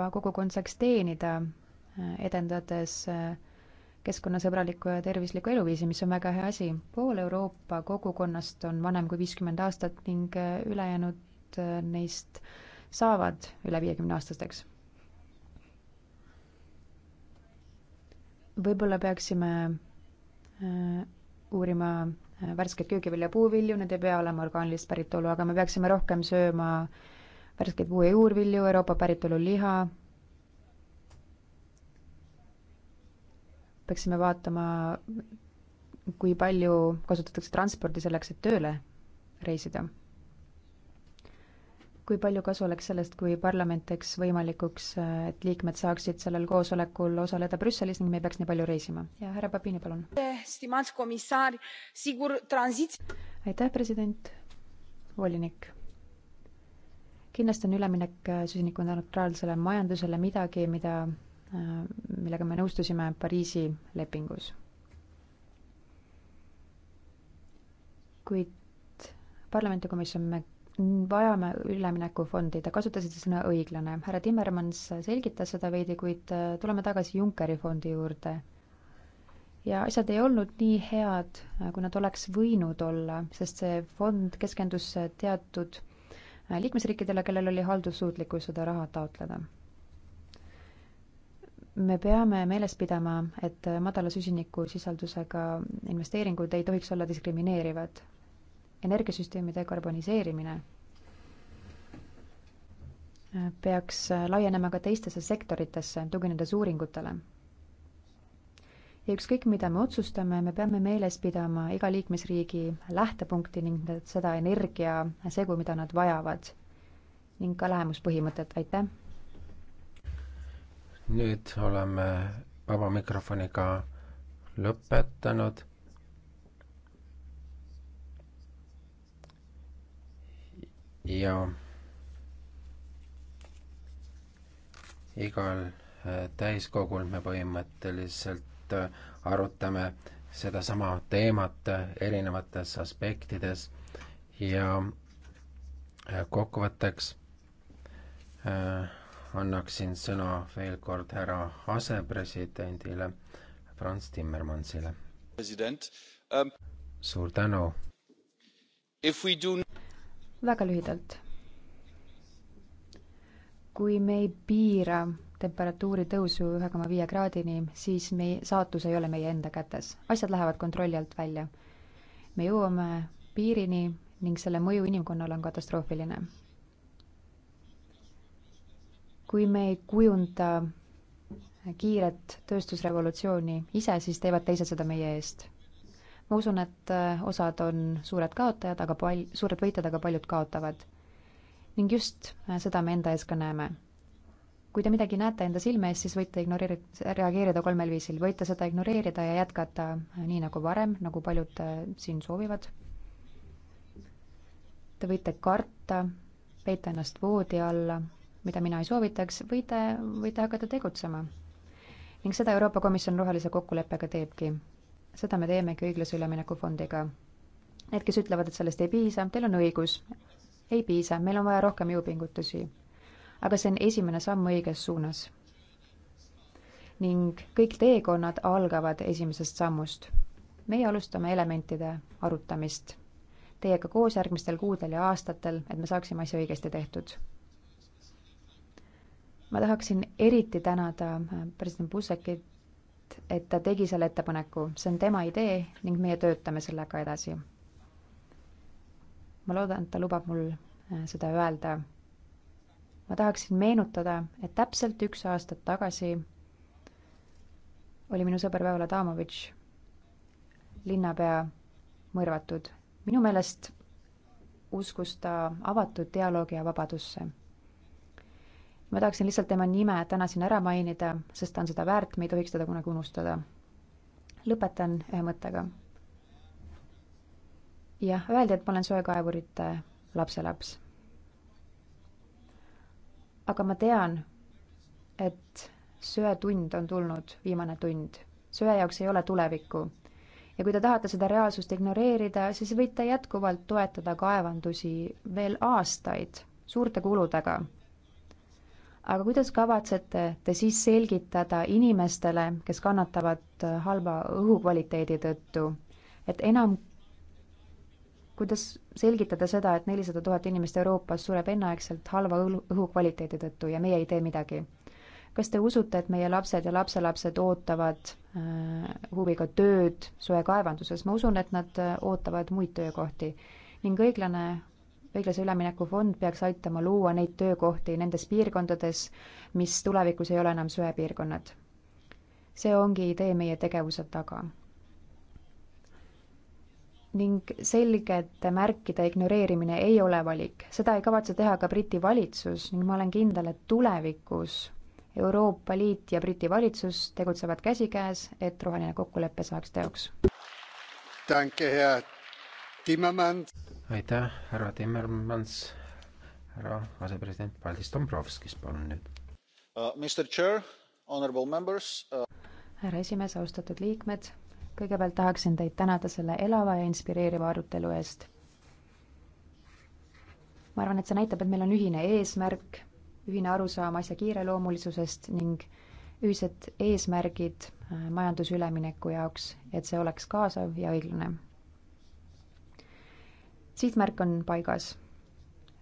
Euroopa kogukond saaks teenida, äh, edendades äh, keskkonnasõbralikku ja tervislikku eluviisi, mis on väga hea asi. pool Euroopa kogukonnast on vanem kui viiskümmend aastat ning äh, ülejäänud neist saavad üle viiekümne aastasteks. võib-olla peaksime uurima värsket köögivilja, puuvilju, need ei pea olema orgaanilist päritolu, aga me peaksime rohkem sööma äh, värskeid puu- ja juurvilju, Euroopa päritolu liha. peaksime vaatama, kui palju kasutatakse transporti selleks, et tööle reisida. kui palju kasu oleks sellest, kui parlament teeks võimalikuks, et liikmed saaksid sellel koosolekul osaleda Brüsselis ning me ei peaks nii palju reisima. ja härra Babini, palun. aitäh, president, volinik kindlasti on üleminek äh, süsinikuneutraalsele majandusele midagi, mida, äh, millega me nõustusime Pariisi lepingus. kuid parlament ja komisjon, me vajame üleminekufondi, te kasutasite sõna õiglane. härra Timmermans selgitas seda veidi, kuid äh, tuleme tagasi Junckeri fondi juurde. ja asjad ei olnud nii head, kui nad oleks võinud olla, sest see fond keskendus teatud Äh, liikmesriikidele, kellel oli haldussuutlikkus seda raha taotleda. me peame meeles pidama, et madala süsinikusisaldusega investeeringud ei tohiks olla diskrimineerivad. energiasüsteemi dekarboniseerimine äh, peaks laienema ka teistesse sektoritesse, tuginedes uuringutele ja ükskõik, mida me otsustame, me peame meeles pidama iga liikmesriigi lähtepunkti ning seda energiasegu, mida nad vajavad ning ka lähemuspõhimõtet, aitäh! nüüd oleme vaba mikrofoniga lõpetanud. ja igal äh, täiskogul me põhimõtteliselt et äh, arutame sedasama teemat äh, erinevates aspektides ja äh, kokkuvõtteks annaksin sõna veel kord härra asepresidendile Franz Timmermansile. Um... suur tänu. Do... väga lühidalt. kui me ei piira temperatuuri tõusu ühe koma viie kraadini, siis meie saatus ei ole meie enda kätes. asjad lähevad kontrolli alt välja. me jõuame piirini ning selle mõju inimkonnale on katastroofiline. kui me ei kujunda kiiret tööstusrevolutsiooni ise, siis teevad teised seda meie eest. ma usun, et äh, osad on suured kaotajad, aga pal-, suured võitjad, aga paljud kaotavad. ning just äh, seda me enda ees ka näeme kui te midagi näete enda silme ees, siis võite ignoreeri-, reageerida kolmel viisil. võite seda ignoreerida ja jätkata nii nagu varem, nagu paljud äh, siin soovivad. Te võite karta, peita ennast voodi alla, mida mina ei soovitaks, või te võite hakata tegutsema. ning seda Euroopa Komisjon rohelise kokkuleppega teebki. seda me teemegi õiglase ülemineku fondiga. Need, kes ütlevad, et sellest ei piisa, teil on õigus. ei piisa, meil on vaja rohkem jõupingutusi aga see on esimene samm õiges suunas. ning kõik teekonnad algavad esimesest sammust. meie alustame elementide arutamist teiega koos järgmistel kuudel ja aastatel, et me saaksime asja õigesti tehtud. ma tahaksin eriti tänada äh, president Buzekit, et ta tegi selle ettepaneku, see on tema idee ning meie töötame sellega edasi. ma loodan, et ta lubab mul äh, seda öelda ma tahaksin meenutada, et täpselt üks aastat tagasi oli minu sõber Viola Tamovitš, linnapea, mõrvatud. minu meelest uskus ta avatud dialoogi ja vabadusse. ma tahaksin lihtsalt tema nime täna siin ära mainida, sest ta on seda väärt, me ei tohiks teda kunagi unustada. lõpetan ühe mõttega. jah, öeldi, et ma olen soekaevurite lapselaps aga ma tean, et söetund on tulnud, viimane tund. söe jaoks ei ole tulevikku. ja kui te tahate seda reaalsust ignoreerida, siis võite jätkuvalt toetada kaevandusi veel aastaid suurte kuludega. aga kuidas kavatsete te siis selgitada inimestele, kes kannatavad halba õhukvaliteedi tõttu, et enam kuidas selgitada seda, et nelisada tuhat inimest Euroopas sureb enneaegselt halva õhukvaliteedi tõttu ja meie ei tee midagi? kas te usute, et meie lapsed ja lapselapsed ootavad äh, huviga tööd soekaevanduses? ma usun, et nad äh, ootavad muid töökohti ning õiglane õiglase ülemineku fond peaks aitama luua neid töökohti nendes piirkondades, mis tulevikus ei ole enam söepiirkonnad. see ongi idee meie tegevuse taga ning selgete märkide ignoreerimine ei ole valik. seda ei kavatse teha ka Briti valitsus ning ma olen kindel, et tulevikus Euroopa Liit ja Briti valitsus tegutsevad käsikäes, et roheline kokkulepe saaks teoks. aitäh, härra Timmermans, härra asepresident Valdis Dombrovskis, palun nüüd uh,. uh härra esimees, austatud liikmed kõigepealt tahaksin teid tänada selle elava ja inspireeriva arutelu eest. ma arvan, et see näitab, et meil on ühine eesmärk, ühine arusaam asja kiireloomulisusest ning ühised eesmärgid äh, majandusülemineku jaoks, et see oleks kaasav ja õiglane. sihtmärk on paigas.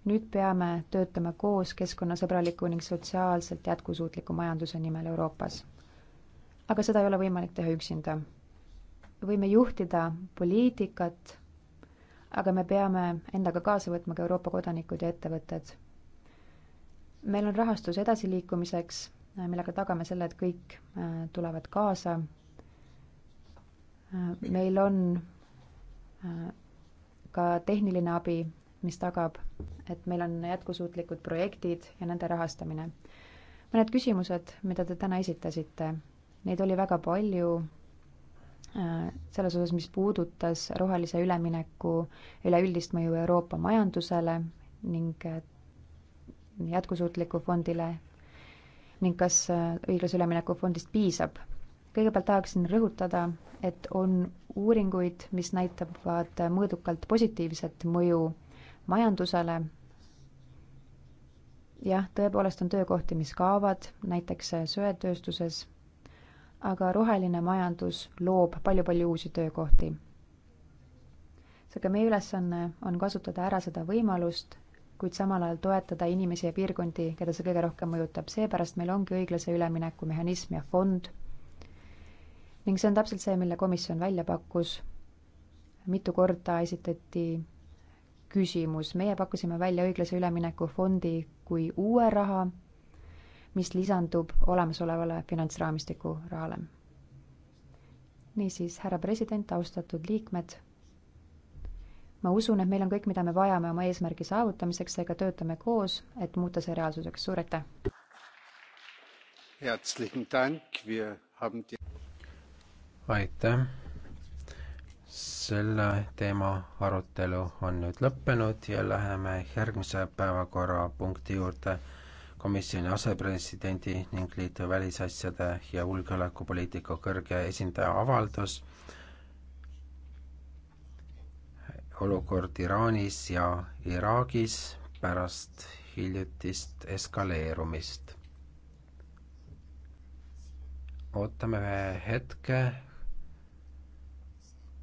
nüüd peame töötama koos keskkonnasõbraliku ning sotsiaalselt jätkusuutliku majanduse nimel Euroopas. aga seda ei ole võimalik teha üksinda võime juhtida poliitikat, aga me peame endaga kaasa võtma ka Euroopa kodanikud ja ettevõtted. meil on rahastus edasiliikumiseks, millega tagame selle, et kõik äh, tulevad kaasa. Äh, meil on äh, ka tehniline abi, mis tagab, et meil on jätkusuutlikud projektid ja nende rahastamine. mõned küsimused, mida te täna esitasite, neid oli väga palju selles osas, mis puudutas rohelise ülemineku üleüldist mõju Euroopa majandusele ning äh, jätkusuutliku fondile ning kas äh, õiglase ülemineku fondist piisab. kõigepealt tahaksin rõhutada, et on uuringuid, mis näitavad mõõdukalt positiivset mõju majandusele. jah, tõepoolest on töökohti, mis kaovad, näiteks söetööstuses aga roheline majandus loob palju-palju uusi töökohti. seega meie ülesanne on kasutada ära seda võimalust, kuid samal ajal toetada inimesi ja piirkondi, keda see kõige rohkem mõjutab, seepärast meil ongi õiglase ülemineku mehhanism ja fond. ning see on täpselt see, mille komisjon välja pakkus. mitu korda esitati küsimus, meie pakkusime välja õiglase ülemineku fondi kui uue raha mis lisandub olemasolevale finantsraamistiku rahale. niisiis, härra president, austatud liikmed, ma usun, et meil on kõik, mida me vajame oma eesmärgi saavutamiseks, seega töötame koos, et muuta see reaalsuseks, suur aitäh! aitäh! selle teema arutelu on nüüd lõppenud ja läheme järgmise päevakorrapunkti juurde komisjoni asepresidendi ning liidu välisasjade ja julgeolekupoliitika kõrge esindaja avaldus olukord Iraanis ja Iraagis pärast hiljutist eskaleerumist. ootame hetke,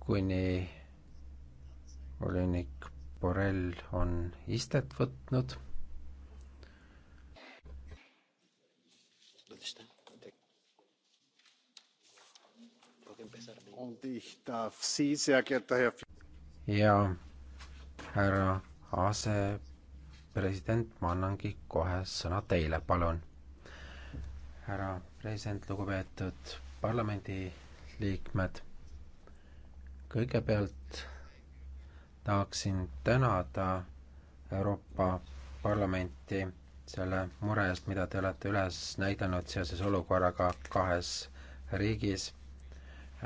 kuni volinik Borrell on istet võtnud ja härra asepresident, ma annangi kohe sõna teile, palun. härra president, lugupeetud parlamendiliikmed, kõigepealt tahaksin tänada Euroopa Parlamenti selle mure eest, mida te olete üles näidanud seoses olukorraga kahes riigis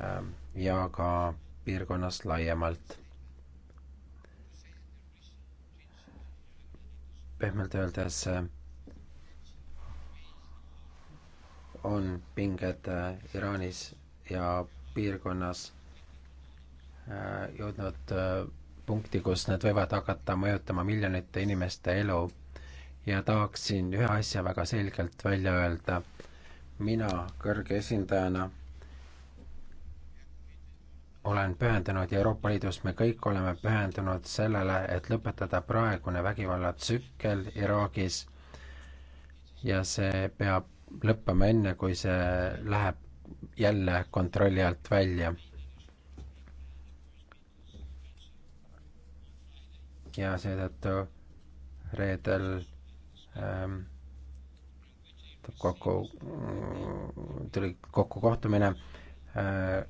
Ähm, ja ka piirkonnas laiemalt. pehmelt öeldes äh, on pinged äh, Iraanis ja piirkonnas äh, jõudnud punkti, kus need võivad hakata mõjutama miljonite inimeste elu ja tahaksin ühe asja väga selgelt välja öelda. mina kõrge esindajana olen pühendunud ja Euroopa Liidus me kõik oleme pühendunud sellele, et lõpetada praegune vägivallatsükkel Iraagis ja see peab lõppema enne, kui see läheb jälle kontrolli alt välja. ja seetõttu reedel ähm, kokku, tuli kokku kohtumine äh,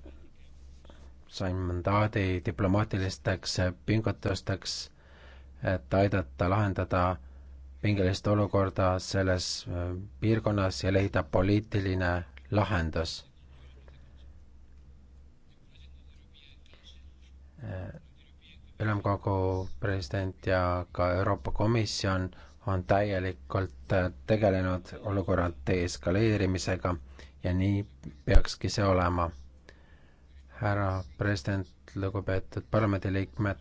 sain mandaadi diplomaatilisteks pingutusteks, et aidata lahendada pingelist olukorda selles äh, piirkonnas ja leida poliitiline lahendus. Äh, ülemkogu president ja ka Euroopa Komisjon on täielikult äh, tegelenud olukorra deeskaleerimisega ja nii peakski see olema härra president, lugupeetud parlamendiliikmed,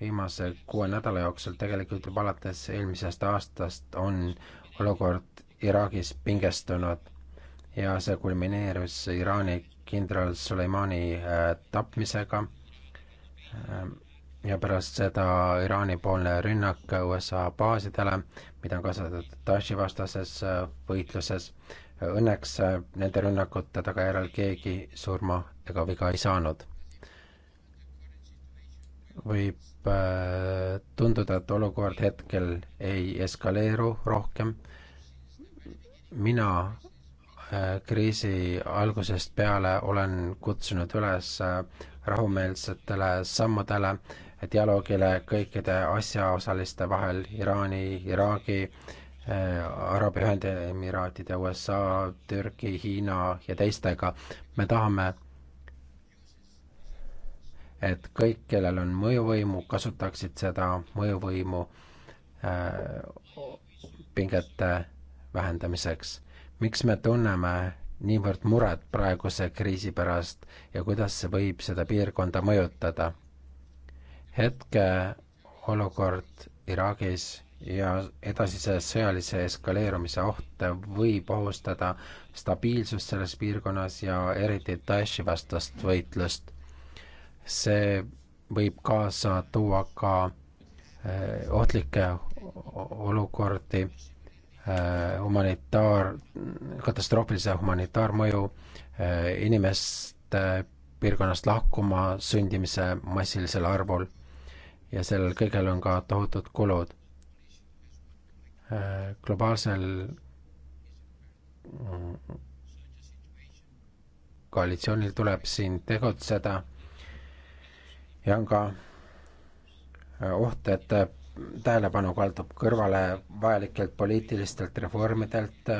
viimase kuue nädala jooksul, tegelikult juba alates eelmisest aastast on olukord Iraagis pingestunud ja see kulmineerus Iraani kindral Suleimani äh, tapmisega ähm, ja pärast seda Iraani-poolne rünnak USA baasidele, mida on kasutatud Daeshi vastases äh, võitluses Õnneks äh, nende rünnakute tagajärjel keegi surma ega viga ei saanud. võib äh, tunduda, et olukord hetkel ei eskaleeru rohkem. mina äh, kriisi algusest peale olen kutsunud üles rahumeelsetele sammudele, dialoogile kõikide asjaosaliste vahel Iraani, Iraagi, Äh, Araabia Ühendemiraatide, USA, Türgi, Hiina ja teistega. me tahame, et kõik, kellel on mõjuvõimu, kasutaksid seda mõjuvõimu äh, pingete vähendamiseks. miks me tunneme niivõrd muret praeguse kriisi pärast ja kuidas see võib seda piirkonda mõjutada? hetkeolukord Iraagis ja edasise sõjalise eskaleerumise oht võib ohustada stabiilsust selles piirkonnas ja eriti Daeshi vastast võitlust. see võib kaasa tuua ka eh, ohtlikke olukordi, eh, humanitaar, katastroofilise humanitaarmõju, eh, inimeste piirkonnast lahkuma sundimise massilisel arvul ja sellel kõigel on ka tohutud kulud Äh, globaalsel äh, koalitsioonil tuleb siin tegutseda ja on ka äh, oht, et tähelepanu kaldub kõrvale vajalikelt poliitilistelt reformidelt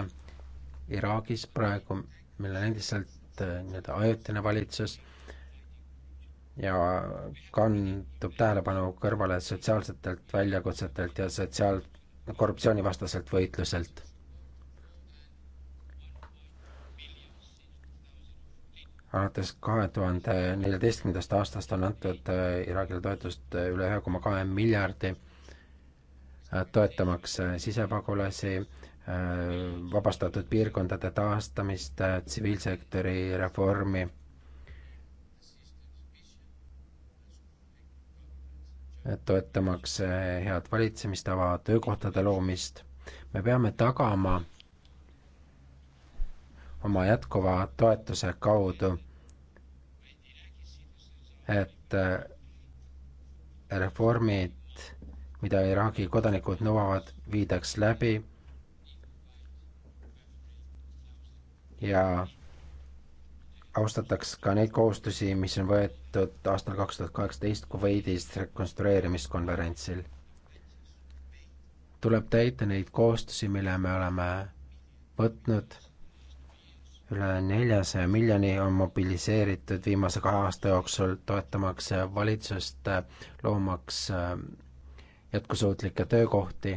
Iraagis praegu, meil on endiselt nii-öelda ajutine valitsus ja kandub tähelepanu kõrvale sotsiaalsetelt väljakutsetelt ja sotsiaal- korruptsioonivastaselt võitluselt. alates kahe tuhande neljateistkümnendast aastast on antud äh, Iraagile toetust äh, üle ühe koma kahe miljardi, äh, toetamaks sisepagulasi, vabastatud piirkondade taastamist, tsiviilsektori reformi toetamaks eh, head valitsemistava, töökohtade loomist. me peame tagama oma jätkuva toetuse kaudu, et eh, reformid, mida Iraagi kodanikud nõuavad, viidaks läbi ja austataks ka neid kohustusi, mis on võetud aastal kaks tuhat kaheksateist Kuveidis rekonstrueerimiskonverentsil. tuleb täita neid kohustusi, mille me oleme võtnud, üle neljasaja miljoni on mobiliseeritud viimase kahe aasta jooksul, toetamaks valitsust, loomaks äh, jätkusuutlikke töökohti.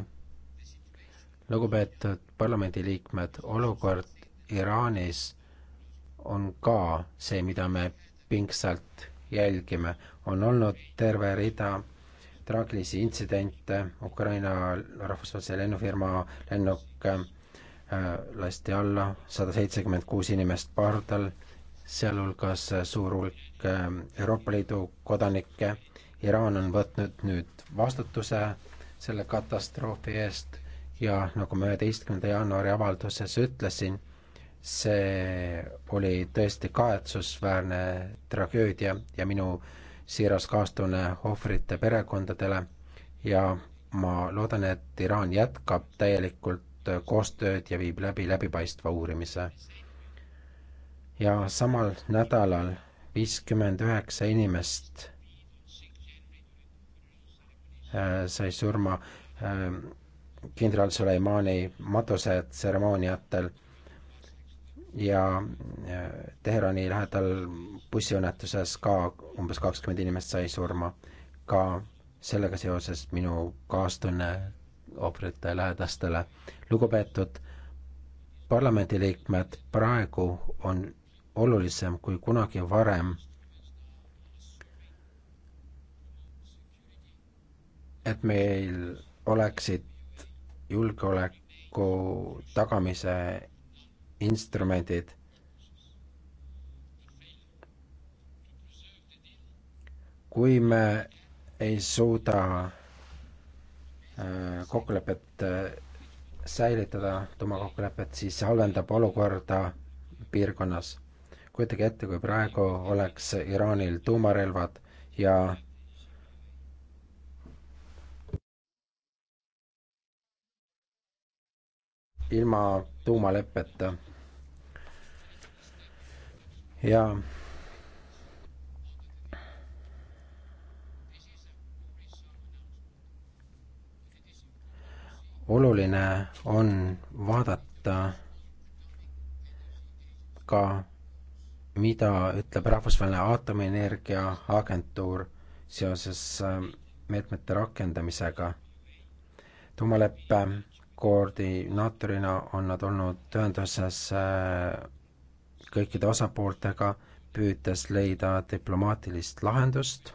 lugupeetud parlamendiliikmed, olukord Iraanis on ka see, mida me pingsalt jälgime. on olnud terve rida traagilisi intsidente, Ukraina rahvusvahelise lennufirma lennuk äh, lasti alla, sada seitsekümmend kuus inimest pardal, sealhulgas suur hulk äh, Euroopa Liidu kodanikke. Iraan on võtnud nüüd vastutuse selle katastroofi eest ja nagu ma üheteistkümnenda jaanuari avalduses ütlesin see oli tõesti kahetsusväärne tragöödia ja minu siiras kaastunne ohvrite perekondadele ja ma loodan, et Iraan jätkab täielikult koostööd ja viib läbi läbipaistva uurimise. ja samal nädalal viiskümmend üheksa inimest äh, sai surma äh, kindral Suleimani matuse tseremooniatel ja Teherani lähedal bussiõnnetuses ka umbes kakskümmend inimest sai surma. ka sellega seoses minu kaastunne ohvrite lähedastele. lugupeetud parlamendiliikmed, praegu on olulisem kui kunagi varem et meil oleksid julgeoleku tagamise instrumendid kui me ei suuda äh, kokkulepet äh, säilitada, tuumakokkulepet, siis see halvendab olukorda piirkonnas. kujutage ette, kui praegu oleks Iraanil tuumarelvad ja ilma tuumaleppeta. ja oluline on vaadata ka, mida ütleb Rahvusvaheline Aatomienergia Agentuur seoses äh, meetmete rakendamisega. tuumaleppe koordinaatorina on nad olnud ühenduses äh, kõikide osapooltega, püüdes leida diplomaatilist lahendust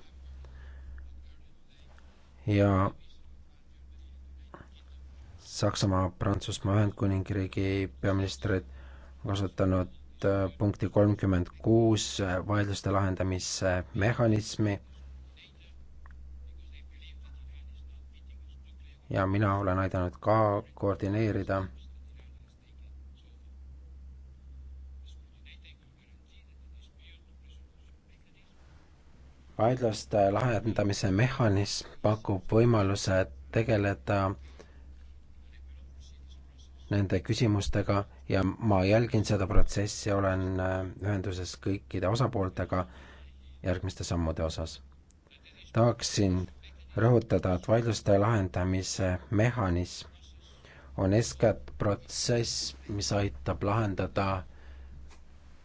ja Saksamaa, Prantsusmaa, Ühendkuningriigi peaministrid on kasutanud äh, punkti kolmkümmend kuus äh, vaidluste lahendamise mehhanismi ja mina olen aidanud ka koordineerida vaidluste lahendamise mehhanism pakub võimaluse tegeleda nende küsimustega ja ma jälgin seda protsessi, olen äh, ühenduses kõikide osapooltega järgmiste sammude osas. tahaksin rõhutada, et vaidluste lahendamise mehhanism on eeskätt protsess, mis aitab lahendada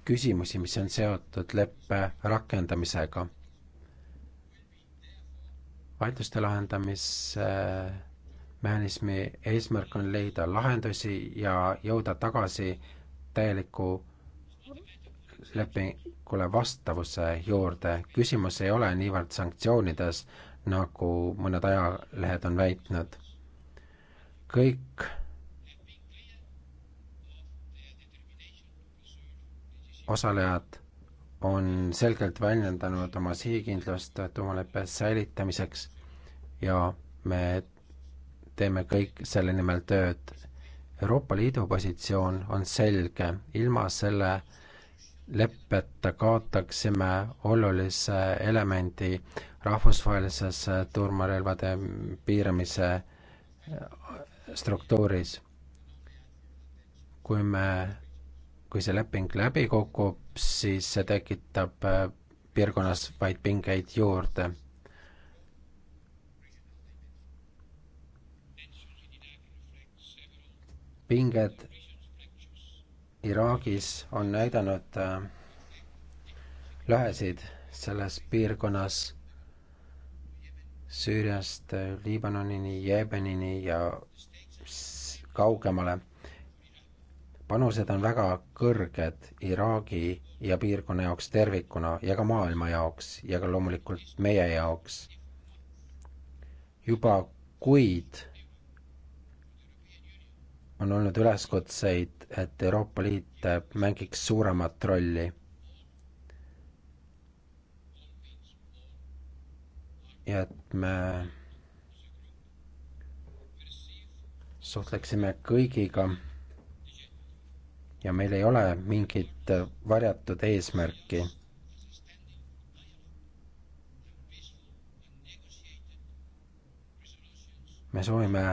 küsimusi, mis on seotud leppe rakendamisega. vaidluste lahendamise äh, mehhanismi eesmärk on leida lahendusi ja jõuda tagasi täieliku lepingule vastavuse juurde. küsimus ei ole niivõrd sanktsioonides, nagu mõned ajalehed on väitnud. kõik osalejad on selgelt väljendanud oma sihikindlust tuumaleppe säilitamiseks ja me teeme kõik selle nimel tööd. Euroopa Liidu positsioon on selge, ilma selle äh, lepet kaotaksime olulise elemendi rahvusvahelises tuumarelvade piiramise struktuuris. kui me, kui see leping läbi kukub, siis see tekitab äh, piirkonnas vaid pingeid juurde. pinged Iraagis on näidanud äh, lõhesid selles piirkonnas Süüriast äh, Liibanonini, Jeemenini ja kaugemale. panused on väga kõrged Iraagi ja piirkonna jaoks tervikuna ja ka maailma jaoks ja ka loomulikult meie jaoks. juba kuid on olnud üleskutseid et Euroopa Liit äh, mängiks suuremat rolli. ja et me suhtleksime kõigiga ja meil ei ole mingit äh, varjatud eesmärki me soovime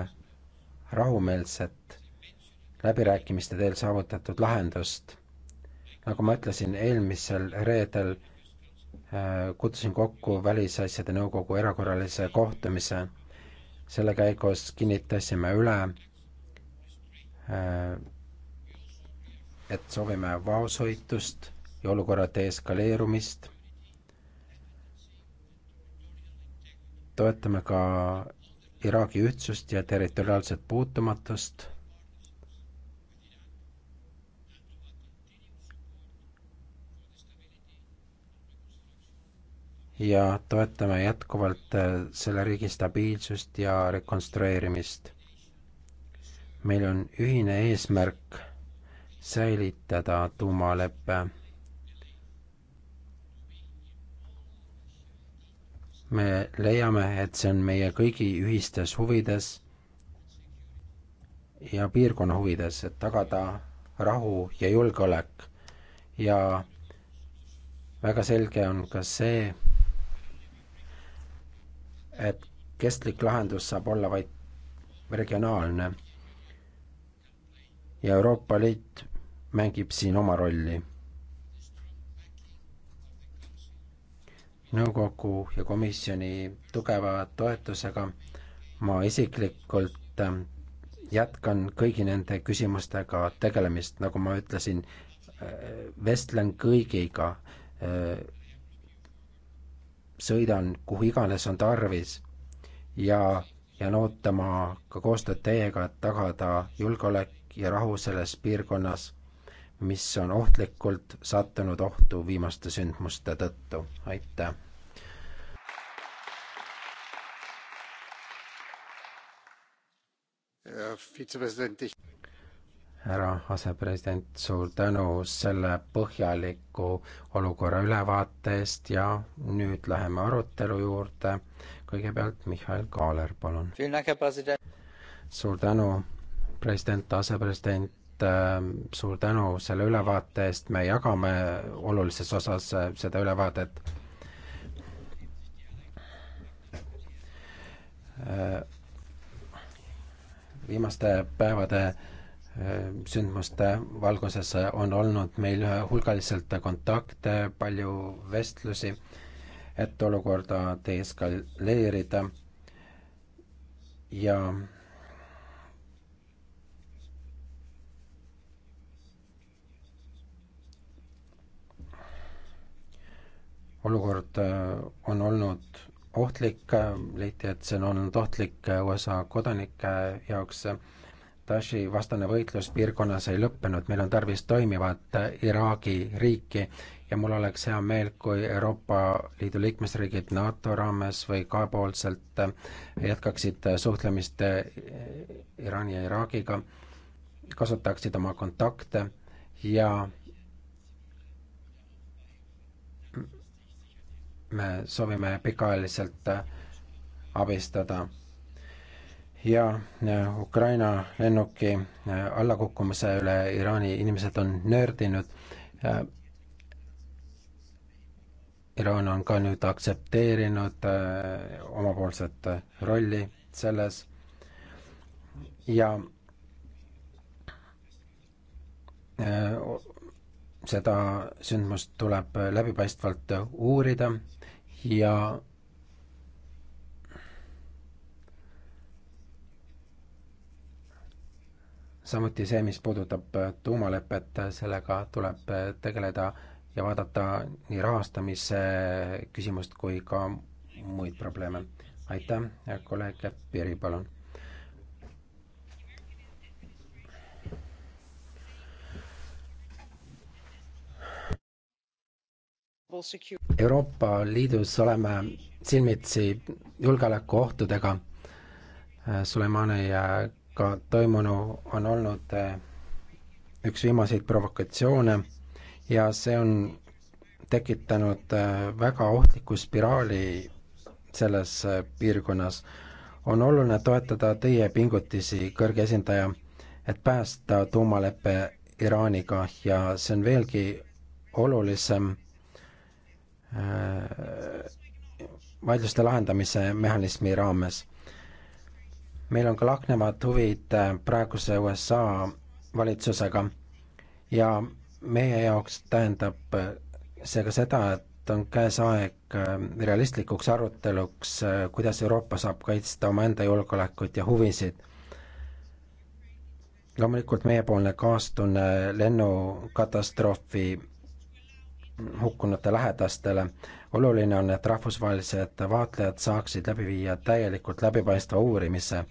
rahumeelset läbirääkimiste teel saavutatud lahendust. nagu ma ütlesin, eelmisel reedel äh, kutsusin kokku Välisasjade Nõukogu erakorralise kohtumise. selle käigus kinnitasime üle, äh, et soovime vaoshoitust ja olukorra deeskaleerumist. toetame ka Iraagi ühtsust ja territoriaalset puutumatust ja toetame jätkuvalt äh, selle riigi stabiilsust ja rekonstrueerimist. meil on ühine eesmärk säilitada tuumalepe. me leiame, et see on meie kõigi ühistes huvides ja piirkonna huvides, et tagada rahu ja julgeolek ja väga selge on ka see, et kestlik lahendus saab olla vaid regionaalne. ja Euroopa Liit mängib siin oma rolli. nõukogu ja komisjoni tugeva toetusega ma isiklikult ähm, jätkan kõigi nende küsimustega tegelemist, nagu ma ütlesin, äh, vestlen kõigiga äh, sõidan kuhu iganes on tarvis ja jään ootama ka koostööd teiega, et tagada julgeolek ja rahu selles piirkonnas, mis on ohtlikult sattunud ohtu viimaste sündmuste tõttu. aitäh! härra asepresident, suur tänu selle põhjaliku olukorra ülevaate eest ja nüüd läheme arutelu juurde. kõigepealt Mihhail Kaaler, palun. suur tänu, president, asepresident, ähm, suur tänu selle ülevaate eest, me jagame olulises osas äh, seda ülevaadet äh, viimaste päevade sündmuste valguses on olnud meil hulgaliselt kontakte, palju vestlusi, et olukorda deeskaleerida ja olukord äh, on olnud ohtlik, leiti, et see on olnud ohtlik äh, USA kodanike jaoks Daeshi vastane võitlus piirkonnas ei lõppenud, meil on tarvis toimivat Iraagi riiki ja mul oleks hea meel, kui Euroopa Liidu liikmesriigid NATO raames või kahepoolselt jätkaksid suhtlemist Iraani ja Iraagiga, kasutaksid oma kontakte ja me soovime pikaajaliselt abistada ja äh, Ukraina lennuki äh, allakukkumise üle Iraani inimesed on nördinud. Äh, Iraan on ka nüüd aktsepteerinud omapoolset rolli selles ja seda sündmust tuleb läbipaistvalt uurida ja samuti see, mis puudutab äh, tuumalepet, äh, sellega tuleb äh, tegeleda ja vaadata nii rahastamise küsimust kui ka muid probleeme. aitäh, kolleeg Piiri, palun. Euroopa Liidus oleme silmitsi julgeolekuohtudega Suleimani ka toimunu on olnud eh, üks viimaseid provokatsioone ja see on tekitanud eh, väga ohtliku spiraali selles eh, piirkonnas. on oluline toetada teie pingutusi, kõrge esindaja, et päästa tuumalepe Iraaniga ja see on veelgi olulisem vaidluste lahendamise mehhanismi raames meil on ka lahknevad huvid äh, praeguse USA valitsusega ja meie jaoks tähendab äh, see ka seda, et on käes aeg äh, realistlikuks aruteluks, kuidas Euroopa saab kaitsta omaenda julgeolekut ja huvisid. loomulikult meiepoolne kaastunne lennukatastroofi hukkunute lähedastele oluline on, et rahvusvahelised vaatlejad saaksid läbi viia täielikult läbipaistva uurimise.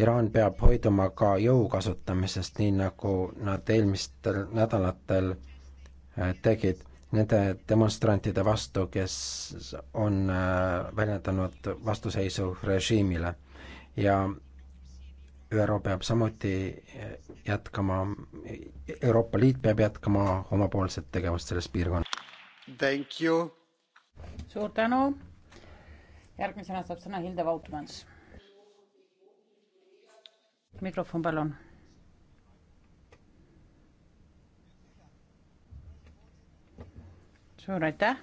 Iraan peab hoiduma ka jõu kasutamisest, nii nagu nad eelmistel nädalatel äh, tegid nende demonstrantide vastu, kes on äh, väljendanud vastuseisu režiimile. ja ÜRO peab samuti äh, jätkama, Euroopa Liit peab jätkama omapoolset tegevust selles piirkonnas. Thank you suur tänu. järgmisena saab sõna Hilde Vautmans. mikrofon, palun. suur aitäh.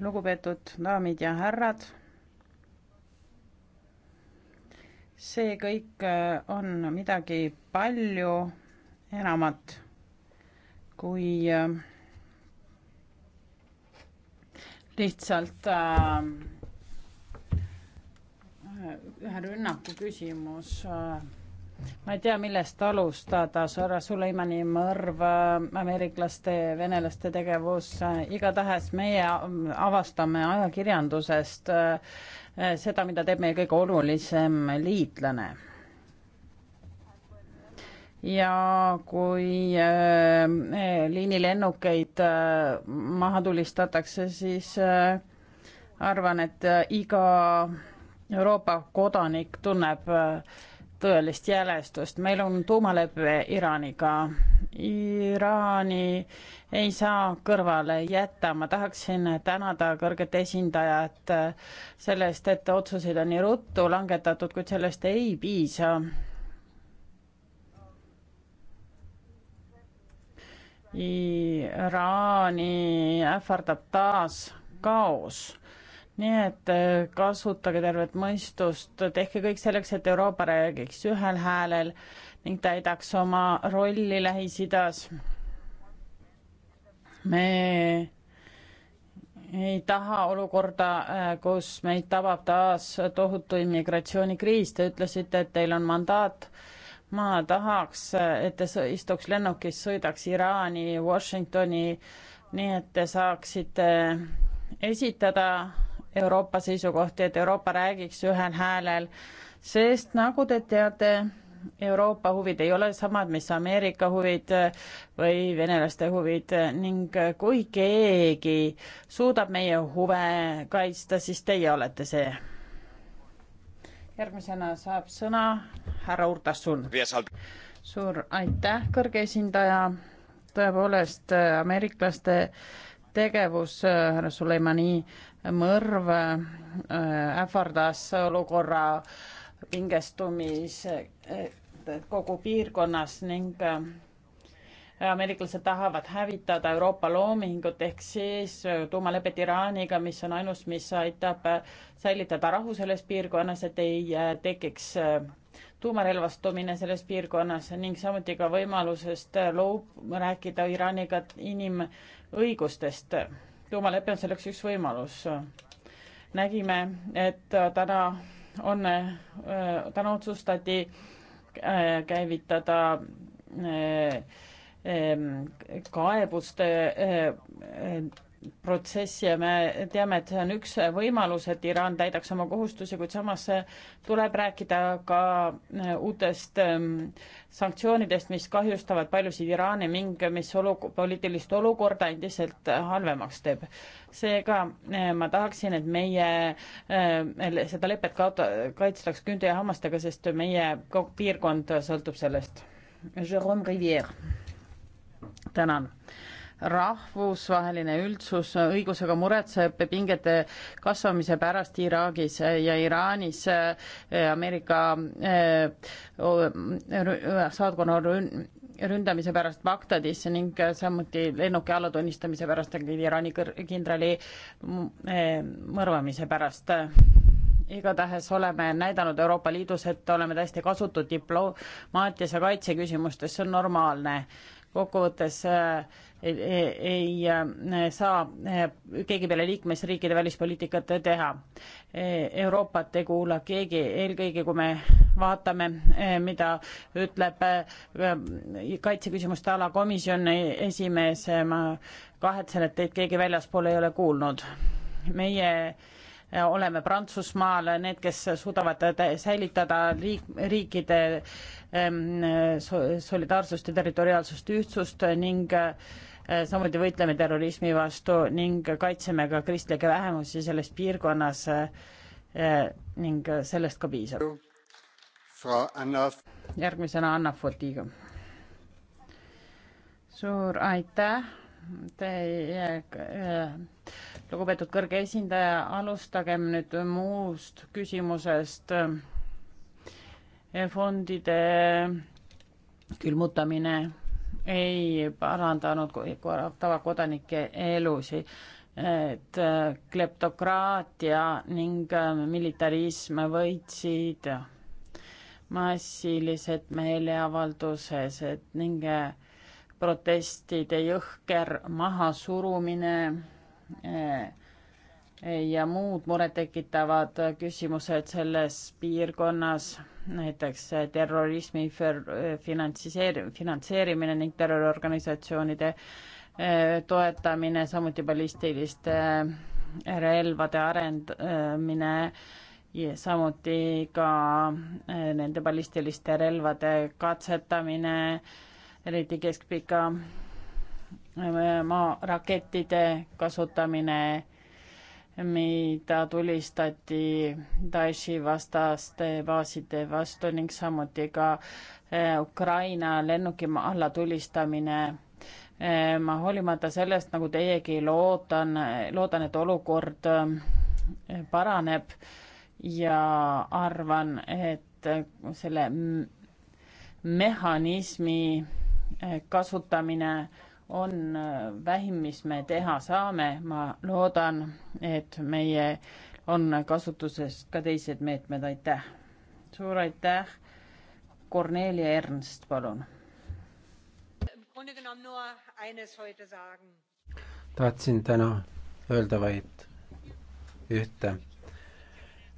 lugupeetud daamid ja härrad. see kõik äh, on midagi palju enamat kui äh, lihtsalt äh, ühe rünnaku küsimus äh,. ma ei tea, millest alustada, Sarah Suleimani mõrv äh,, ameeriklaste, venelaste tegevus äh,, igatahes meie avastame ajakirjandusest äh, seda, mida teeb meie kõige olulisem liitlane ja kui äh, liinilennukeid äh, maha tulistatakse, siis äh, arvan, et äh, iga Euroopa kodanik tunneb äh, tõelist jälestust. meil on tuumalepe Iraaniga. Iraani ei saa kõrvale jätta. ma tahaksin tänada kõrget esindajat äh, selle eest, et otsuseid on nii ruttu langetatud, kuid sellest ei piisa Iraani ähvardab taas kaos. nii et äh, kasutage tervet mõistust, tehke kõik selleks, et Euroopa räägiks ühel häälel ning täidaks oma rolli Lähis-Idas. me ei taha olukorda, äh, kus meid tabab taas tohutu immigratsioonikriis, te ütlesite, et teil on mandaat äh, ma tahaks, et te istuks lennukis, sõidaks Iraani, Washingtoni, nii et te saaksite esitada Euroopa seisukohti, et Euroopa räägiks ühel häälel, sest nagu te teate, Euroopa huvid ei ole samad, mis Ameerika huvid või venelaste huvid ning kui keegi suudab meie huve kaitsta, siis teie olete see järgmisena saab sõna härra Urtasun. suur aitäh, kõrge esindaja. tõepoolest ameeriklaste tegevus, härra Suleimani mõrv äh, ähvardas olukorra pingestumise äh, kogu piirkonnas ning äh, ameeriklased tahavad hävitada Euroopa loomingut ehk siis äh, tuumalepet Iraaniga, mis on ainus, mis aitab äh, säilitada rahu selles piirkonnas, et ei äh, tekiks tuumarelvastumine selles piirkonnas ning samuti ka võimalusest loob-, rääkida Iraaniga inimõigustest. tuumalepe on selleks üks võimalus. nägime, et täna on, täna otsustati käivitada äh, Ehm, kaebuste ehm, protsessi ja me teame, et see on üks võimalus, et Iraan täidaks oma kohustusi, kuid samas tuleb rääkida ka eh, uutest ehm, sanktsioonidest, mis kahjustavad paljusid Iraani ning mis olu-, poliitilist olukorda endiselt halvemaks teeb. seega eh, ma tahaksin, et meie eh, seda lepet kaota-, kaitstaks küünte ja hammastega, sest meie piirkond sõltub sellest. Jerome Riviere tänan rahvusvaheline üldsus õigusega muretseb pingete kasvamise pärast Iraagis ja Iraanis Ameerika eh, saatkonna ründamise pärast Bagdadis ning samuti lennuki allatunnistamise pärast ning Iraani kindrali eh, mõrvamise pärast. igatahes oleme näidanud Euroopa Liidus, et oleme täiesti kasutud diplomaatias ja kaitseküsimustes, see on normaalne kokkuvõttes äh, ei, ei, ei äh, saa äh, keegi peale liikmesriikide välispoliitikat teha. Euroopat ei kuula keegi, eelkõige kui me vaatame, mida ütleb kaitseküsimuste alakomisjoni esimees, ma kahetsen, et teid keegi väljaspool ei ole kuulnud. meie oleme Prantsusmaal need, kes suudavad säilitada riik, riikide ähm, solidaarsust ja territoriaalsust, ühtsust ning äh, samuti võitleme terrorismi vastu ning kaitseme ka kristlikke vähemusi selles piirkonnas äh, ning sellest ka piisab. järgmisena Anna Fotiga. suur aitäh teie äh, lugupeetud kõrge esindaja, alustagem nüüd muust küsimusest. fondide külmutamine ei parandanud tavakodanike elusid, et äh, kleptokraatia ning äh, militarism võitsid massilised meeleavaldused ning äh, protestide jõhker mahasurumine ja muud murettekitavad küsimused selles piirkonnas, näiteks terrorismi finantsiseeri-, finantseerimine ning terroriorganisatsioonide toetamine, samuti ballistiliste relvade arendamine ja samuti ka nende ballistiliste relvade katsetamine, eriti keskpika maarakettide kasutamine, mida tulistati Daeshi vastaste baaside vastu ning samuti ka eh, Ukraina lennuki alla tulistamine. Eh, ma hoolimata sellest, nagu teiegi loodan, loodan, et olukord eh, paraneb ja arvan, et selle mehhanismi kasutamine on äh, vähim, mis me teha saame, ma loodan, et meie on kasutuses ka teised meetmed, aitäh. suur aitäh. Kornelia Ernst, palun. tahtsin täna öelda vaid ühte.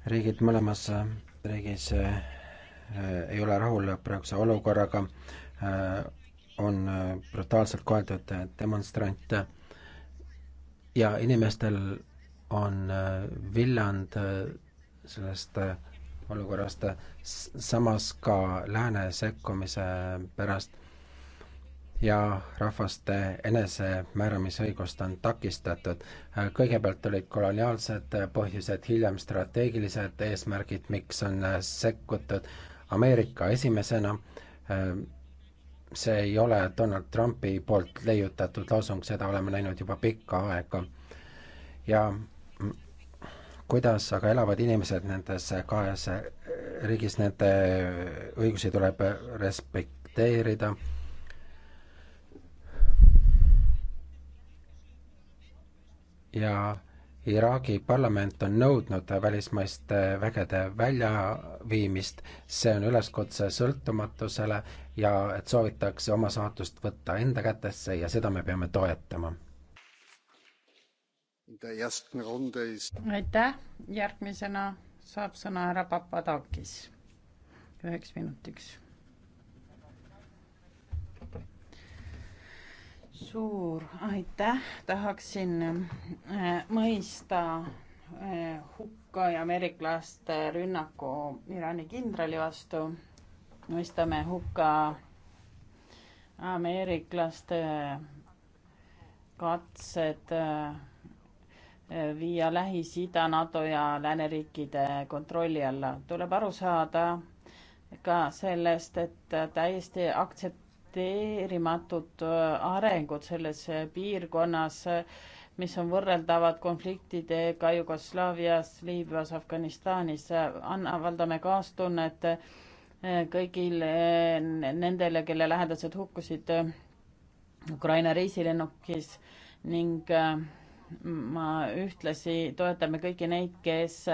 riigid mõlemas riigis äh, ei ole rahul praeguse olukorraga äh, on äh, brutaalselt koheldud äh, demonstrante ja inimestel on äh, villand sellest olukorrast, samas ka lääne sekkumise pärast ja rahvaste enesemääramisõigust on takistatud. kõigepealt olid koloniaalsed põhjused, hiljem strateegilised eesmärgid, miks on sekkutud Ameerika esimesena see ei ole Donald Trumpi poolt leiutatud loosung, seda oleme näinud juba pikka aega. ja kuidas aga elavad inimesed nendes kahes riigis, nende õigusi tuleb respekteerida ja Iraagi parlament on nõudnud välismaiste vägede väljaviimist, see on üleskutse sõltumatusele ja et soovitakse oma saatust võtta enda kätesse ja seda me peame toetama. aitäh, järgmisena saab sõna härra Papadakis üheks minutiks suur aitäh, tahaksin äh, mõista äh, hukka ja ameeriklaste rünnaku Iraani kindrali vastu. mõistame hukka ameeriklaste katsed äh, viia Lähis-Ida, NATO ja lääneriikide kontrolli alla. tuleb aru saada ka sellest, et täiesti aktsept-, aktsepteerimatud äh, arengud selles äh, piirkonnas, äh, mis on võrreldavad konfliktidega Jugoslaavias, Liibüas, Afganistanis. avaldame kaastunnet kõigile nendele, kelle lähedased hukkusid Ukraina reisilennukis ning ma ühtlasi toetame kõiki neid, kes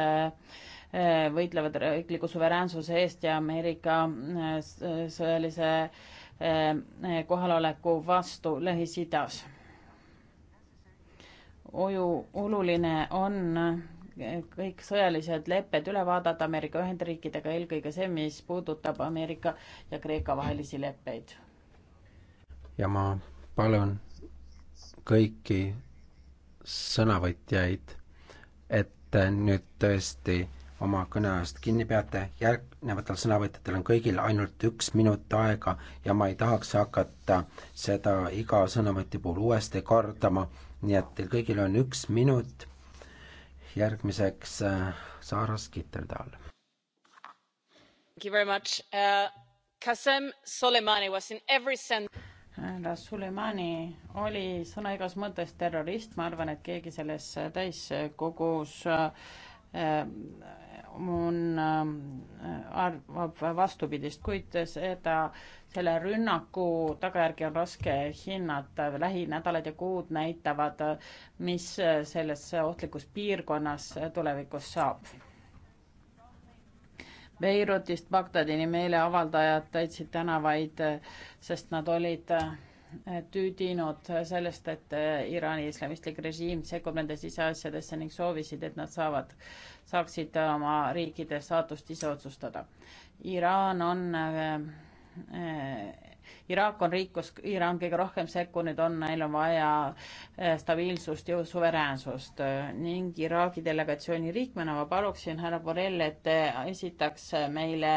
võitlevad riikliku suveräänsuse eest ja Ameerika sõjalise Äh, äh, kohaloleku vastu Lähis-Idas. oluline on äh, kõik sõjalised lepped üle vaadata Ameerika Ühendriikidega, eelkõige see, mis puudutab Ameerika ja Kreeka vahelisi leppeid. ja ma palun kõiki sõnavõtjaid, et nüüd tõesti oma kõneajast kinni peate, järgnevatel sõnavõtjatel on kõigil ainult üks minut aega ja ma ei tahaks hakata seda iga sõnavõti puhul uuesti kordama, nii et teil kõigil on üks minut, järgmiseks äh, Saaras Kitterdahl. Uh, Qasem Soleimani was in every sense härra Sulemani oli sõna igas mõttes terrorist, ma arvan, et keegi selles täiskogus äh, on, ähm, arvab vastupidist, kuid seda, selle rünnaku tagajärgi on raske hinnata, lähinädalad ja kuud näitavad, mis selles ohtlikus piirkonnas tulevikus saab. Beirutist Bagdadini meeleavaldajad täitsid tänavaid, sest nad olid äh, tüdinud sellest, et Iraani islamistlik režiim sekkub nende siseasjadesse ning soovisid, et nad saavad, saaksid oma riikide saatust ise otsustada. Iraan on äh, äh, Iraak on riik, kus Iraan kõige rohkem sekkunud on, neil on vaja äh, stabiilsust ja suveräänsust ning Iraagi delegatsiooni liikmena ma paluksin härra Borrell, et äh, esitaks meile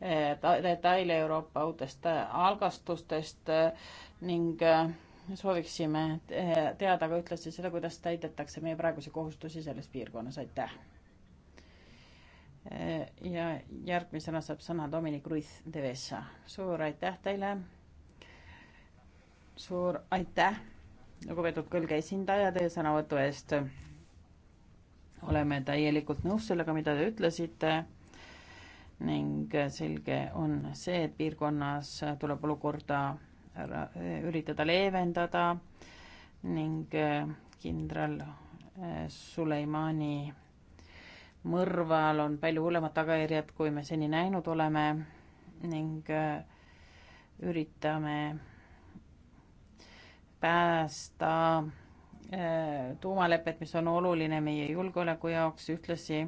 Eh, detaile Euroopa uutest eh, algastustest eh, ning sooviksime teada ka ühtlasi seda, kuidas täidetakse meie praegusi kohustusi selles piirkonnas, aitäh. ja järgmisena saab sõna Dominic Ruiz de Vesa, suur aitäh teile. suur aitäh, lugupeetud kõlge esindaja, teie sõnavõtu eest. oleme täielikult nõus sellega, mida te ütlesite ning selge on see, et piirkonnas tuleb olukorda üritada leevendada ning eh, kindral eh, Suleimani mõrval on palju hullemad tagajärjed, kui me seni näinud oleme ning eh, üritame päästa tuumalepet, mis on oluline meie julgeoleku jaoks ühtlasi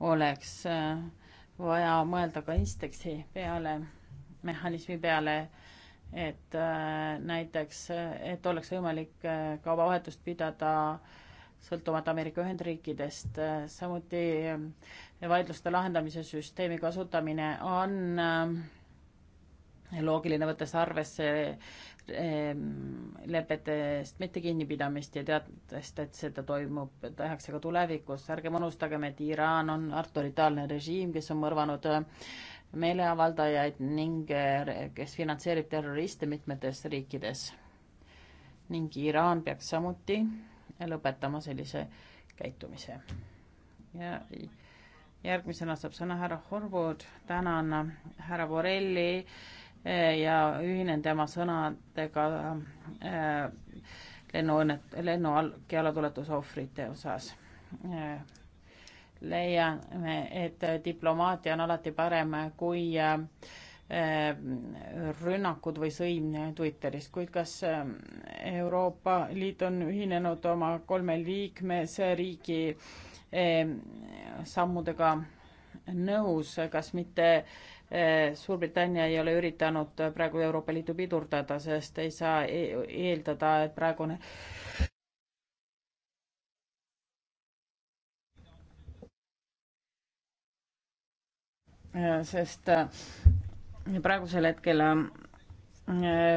oleks äh, vaja mõelda ka Instexi peale, mehhanismi peale, et äh, näiteks, et oleks võimalik äh, kaubavahetust pidada sõltumata Ameerika Ühendriikidest, samuti vaidluste lahendamise süsteemi kasutamine on loogiline, võttes arvesse Ehm, lepetest mitte kinnipidamist ja teadmist, et seda toimub, tehakse ka tulevikus. ärgem unustagem, et Iraan on autoritaarne režiim, kes on mõrvanud äh, meeleavaldajaid ning äh, kes finantseerib terroriste mitmetes riikides. ning Iraan peaks samuti lõpetama sellise käitumise. ja järgmisena saab sõna härra Horvod, tänan äh, härra Borrelli ja ühinen tema sõnadega äh, lennuõnnet-, lennu all, keelatuletuse ohvrite osas. Äh, leiame, et diplomaatia on alati parem kui äh, rünnakud või sõim Twitteris, kuid kas Euroopa Liit on ühinenud oma kolme liikmesriigi sammudega nõus, kas mitte eh, Suurbritannia ei ole üritanud praegu Euroopa Liitu pidurdada, sest ei saa e-, eeldada, et praegune eh, sest eh, praegusel hetkel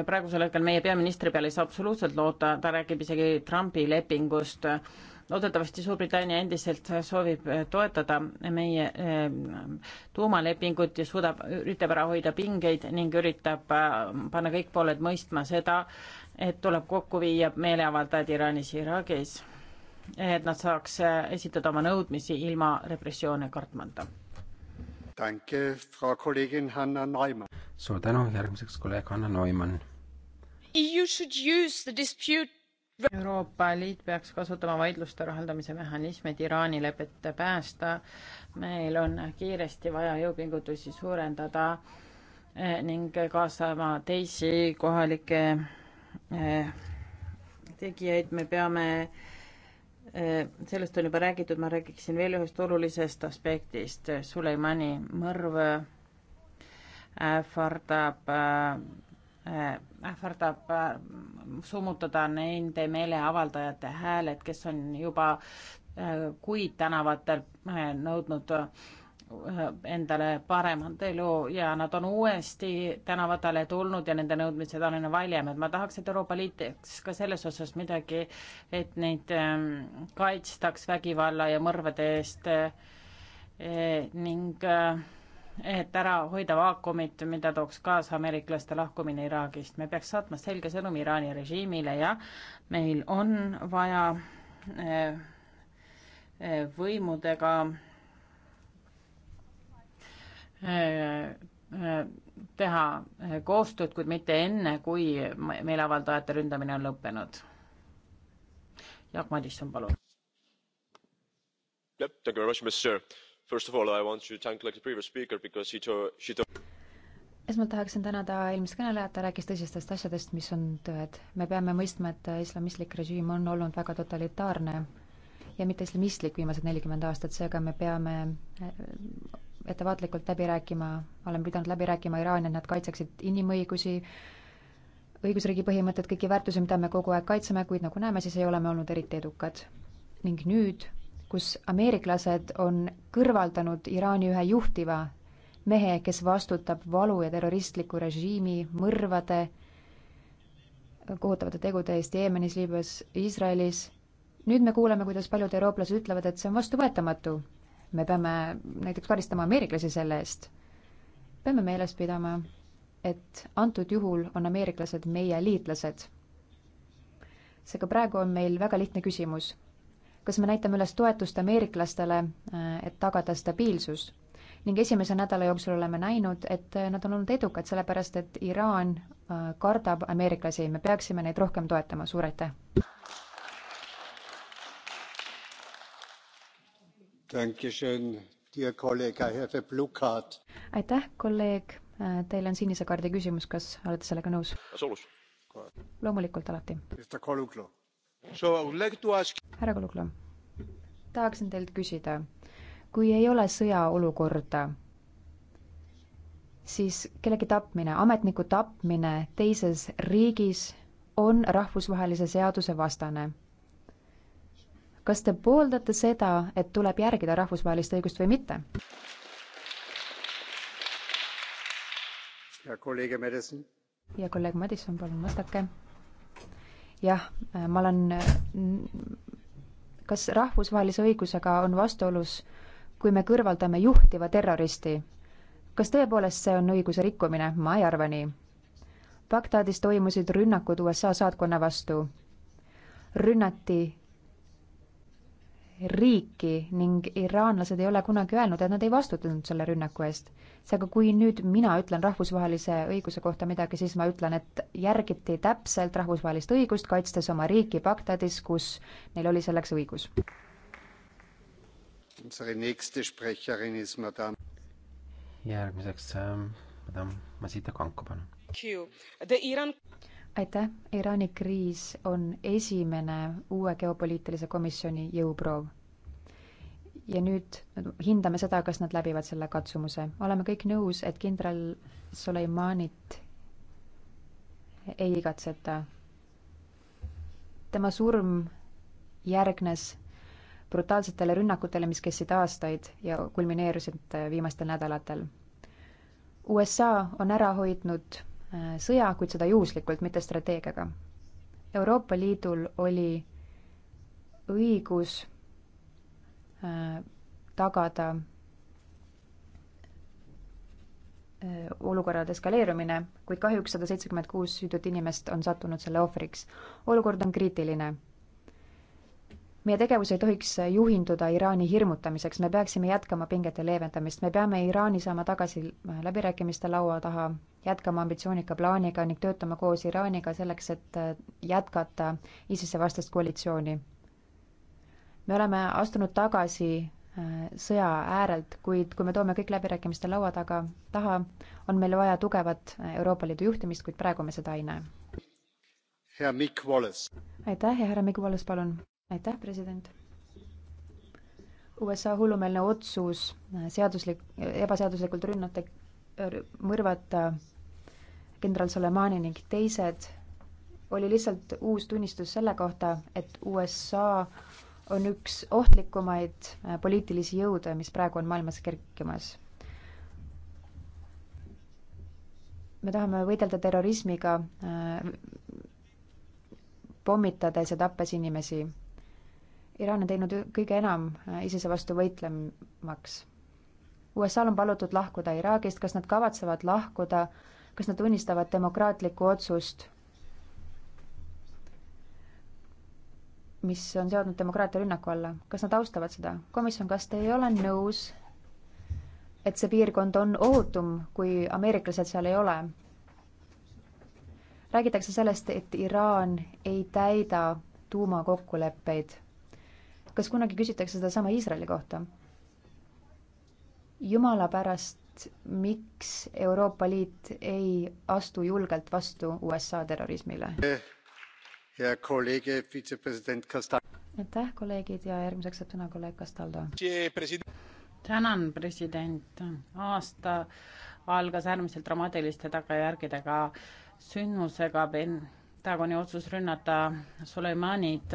praegusel hetkel meie peaministri peale ei saa absoluutselt loota, ta räägib isegi Trumpi lepingust äh, loodetavasti Suurbritannia endiselt soovib äh, toetada meie ähm, tuumalepingut ja suudab, üritab ära hoida pingeid ning üritab äh, panna kõik pooled mõistma seda, et tuleb kokku viia meeleavaldajad Iraanis ja Iraagis, et nad saaks äh, esitada oma nõudmisi ilma repressioone kartmata. suur tänu, järgmiseks kolleeg Hanna Neumann. EU should use the dispute Euroopa Liit peaks kasutama vaidluste rahaldamise mehhanisme, et Iraani lepet päästa. meil on kiiresti vaja jõupingutusi suurendada eh, ning kaasama teisi kohalikke eh, tegijaid, me peame, eh, sellest on juba räägitud, ma räägiksin veel ühest olulisest aspektist, Suleimani mõrv ähvardab Äh, ähvardab äh, summutada nende meeleavaldajate hääled, kes on juba äh, kuid tänavatel nõudnud endale paremat elu ja nad on uuesti tänavatele tulnud ja nende nõudmised on aina valjemad. ma tahaks, et Euroopa Liit teeks ka selles osas midagi, et neid ähm, kaitstaks vägivalla ja mõrvade eest ning et ära hoida vaakumit, mida tooks kaasa ameeriklaste lahkumine Iraagist. me peaks saatma selge sõnumi Iraani režiimile ja meil on vaja eh, eh, võimudega eh, teha koostööd, kuid mitte enne, kui meeleavaldajate ründamine on lõppenud. Jaak Madisson, palun. First of all I want to thank like the previous speaker because he to-, she to- esmalt tahaksin tänada eelmist kõnelejat, ta rääkis tõsistest asjadest, mis on tõed. me peame mõistma, et islamistlik režiim on olnud väga totalitaarne ja mitte islamistlik viimased nelikümmend aastat, seega me peame äh, ettevaatlikult läbi rääkima, oleme pidanud läbi rääkima Iraani, et nad kaitseksid inimõigusi, õigusriigi põhimõtted, kõiki väärtusi, mida me kogu aeg kaitseme, kuid nagu näeme, siis ei ole me olnud eriti edukad. ning nüüd kus ameeriklased on kõrvaldanud Iraani ühe juhtiva mehe, kes vastutab valu ja terroristliku režiimi mõrvade, kohutavate tegude eest Jeemenis, Liibüas, Iisraelis. nüüd me kuuleme, kuidas paljud eurooplased ütlevad, et see on vastuvõetamatu. me peame näiteks karistama ameeriklasi selle eest. peame meeles pidama, et antud juhul on ameeriklased meie liitlased. seega praegu on meil väga lihtne küsimus kas me näitame üles toetust ameeriklastele, äh, et tagada stabiilsus? ning esimese nädala jooksul oleme näinud, et äh, nad on olnud edukad, sellepärast et Iraan äh, kardab ameeriklasi, me peaksime neid rohkem toetama, suur aitäh! aitäh, kolleeg, teil on sinise kaardi küsimus, kas olete sellega nõus? loomulikult, alati härra Kulukla, tahaksin teilt küsida, kui ei ole sõjaolukorda, siis kellegi tapmine, ametniku tapmine teises riigis on rahvusvahelise seaduse vastane. kas te pooldate seda, et tuleb järgida rahvusvahelist õigust või mitte? ja kolleeg Madison, palun vastake jah, äh, ma olen, äh, kas rahvusvahelise õigusega on vastuolus, kui me kõrvaldame juhtiva terroristi? kas tõepoolest see on õiguse rikkumine? ma ei arva nii. Bagdadis toimusid rünnakud USA saatkonna vastu. rünnati riiki ning iraanlased ei ole kunagi öelnud, et nad ei vastutanud selle rünnaku eest. seega, kui nüüd mina ütlen rahvusvahelise õiguse kohta midagi, siis ma ütlen, et järgiti täpselt rahvusvahelist õigust, kaitstes oma riiki Bagdadis, kus neil oli selleks õigus. järgmiseks äh, madam Masita Kanko, palun aitäh, Iraani kriis on esimene uue geopoliitilise komisjoni jõuproov. ja nüüd hindame seda, kas nad läbivad selle katsumuse. oleme kõik nõus, et kindral Soleimanit ei igatseta. tema surm järgnes brutaalsetele rünnakutele, mis kestsid aastaid ja kulmineerusid viimastel nädalatel. USA on ära hoidnud Äh, sõja, kuid seda juhuslikult, mitte strateegiaga. Euroopa Liidul oli õigus äh, tagada äh, olukorra eskaleerumine, kuid kahjuks sada seitsekümmend kuus süütut inimest on sattunud selle ohvriks. olukord on kriitiline meie tegevus ei tohiks juhinduda Iraani hirmutamiseks, me peaksime jätkama pingete leevendamist, me peame Iraani saama tagasi läbirääkimiste laua taha, jätkama ambitsioonika plaaniga ning töötama koos Iraaniga selleks, et äh, jätkata ISISe vastast koalitsiooni. me oleme astunud tagasi äh, sõja äärelt, kuid kui me toome kõik läbirääkimiste laua taga, taha, on meil vaja tugevat äh, Euroopa Liidu juhtimist, kuid praegu me seda ei näe. aitäh ja härra Mikk Wallis, palun! aitäh, president. USA hullumeelne otsus seaduslik, ebaseaduslikult rünnata, mõrvata kindral Soleimani ning teised oli lihtsalt uus tunnistus selle kohta, et USA on üks ohtlikumaid äh, poliitilisi jõude, mis praegu on maailmas kerkimas. me tahame võidelda terrorismiga, äh, pommitades ja tappes inimesi Iraan on teinud kõige enam äh, ISISe vastu võitlemaks. USA-l on palutud lahkuda Iraagist, kas nad kavatsevad lahkuda, kas nad tunnistavad demokraatlikku otsust, mis on seadnud demokraatia rünnaku alla, kas nad austavad seda? komisjon, kas te ei ole nõus, et see piirkond on ohutum, kui ameeriklased seal ei ole? räägitakse sellest, et Iraan ei täida tuumakokkuleppeid kas kunagi küsitakse sedasama Iisraeli kohta? jumala pärast, miks Euroopa Liit ei astu julgelt vastu USA terrorismile? aitäh, kolleegid ja järgmiseks saab sõna kolleeg Castaldo. tänan, president. aasta algas äärmiselt dramaatiliste tagajärgedega sündmusega Pentagoni otsus rünnata Suleimanit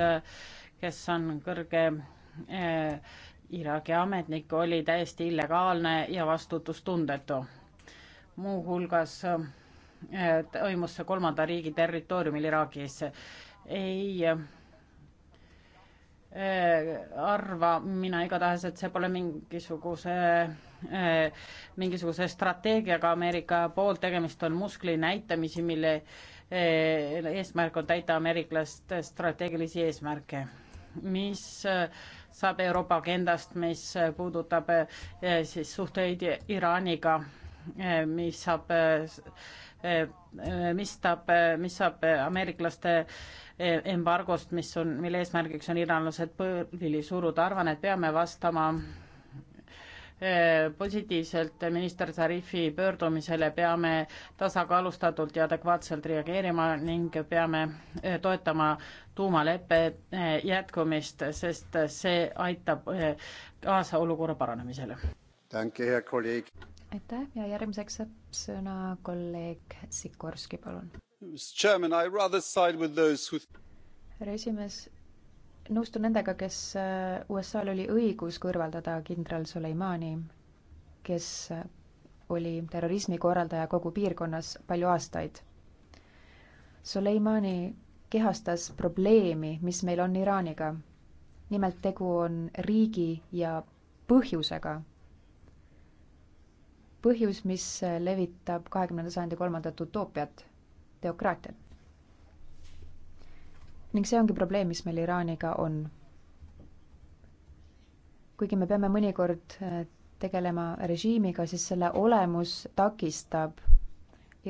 kes on kõrge äh, Iraagi ametnik, oli täiesti illegaalne ja vastutustundetu. muuhulgas äh, toimus see kolmanda riigi territooriumil Iraagis. ei äh, arva mina igatahes, et see pole mingisuguse äh,, mingisuguse strateegiaga Ameerika poolt, tegemist on muskli näitamisi, mille eesmärk on täita ameeriklaste strateegilisi eesmärke mis eh, saab Euroopa agendast, mis eh, puudutab eh, siis suhteid Iraaniga, mis saab, mis saab, mis saab ameeriklaste embargost, mis on, mille eesmärgiks on iranlased põlvili suruda, arvan, et peame vastama Äh, positiivselt minister Zarifi pöördumisele peame tasakaalustatult ja adekvaatselt reageerima ning peame äh, toetama tuumaleppe äh, jätkumist, sest see aitab kaasa olukorra paranemisele. aitäh ja järgmiseks saab sõna kolleeg Sikorski, palun. härra esimees nõustun nendega, kes äh, USA-l oli õigus kõrvaldada kindral Soleimani, kes äh, oli terrorismi korraldaja kogu piirkonnas palju aastaid. Soleimani kehastas probleemi, mis meil on Iraaniga. nimelt tegu on riigi ja põhjusega. põhjus, mis äh, levitab kahekümnenda sajandi kolmandat utoopiat, teokraatiat ning see ongi probleem, mis meil Iraaniga on. kuigi me peame mõnikord äh, tegelema režiimiga, siis selle olemus takistab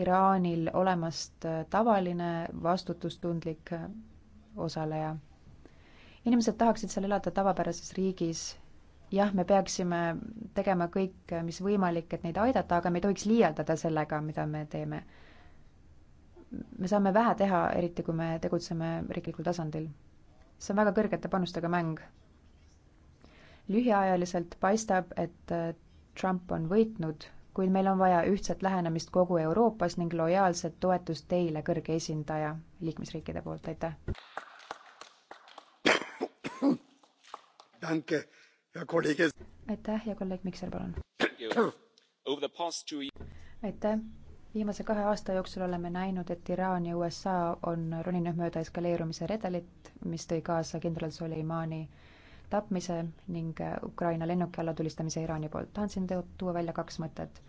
Iraanil olemast äh, tavaline vastutustundlik äh, osaleja. inimesed tahaksid seal elada tavapärases riigis. jah, me peaksime tegema kõik, mis võimalik, et neid aidata, aga me ei tohiks liialdada sellega, mida me teeme me saame vähe teha, eriti kui me tegutseme riiklikul tasandil. see on väga kõrgete panustega mäng. lühiajaliselt paistab, et äh, Trump on võitnud, kuid meil on vaja ühtset lähenemist kogu Euroopas ning lojaalset toetust teile, kõrge esindaja, liikmesriikide poolt, aitäh! aitäh ja kolleeg Mikser, palun! aitäh! viimase kahe aasta jooksul oleme näinud, et Iraan ja USA on roninud mööda eskaleerumise redelit, mis tõi kaasa kindral Soleimani tapmise ning Ukraina lennuki allatulistamise Iraani poolt. tahan siin tuua välja kaks mõtet.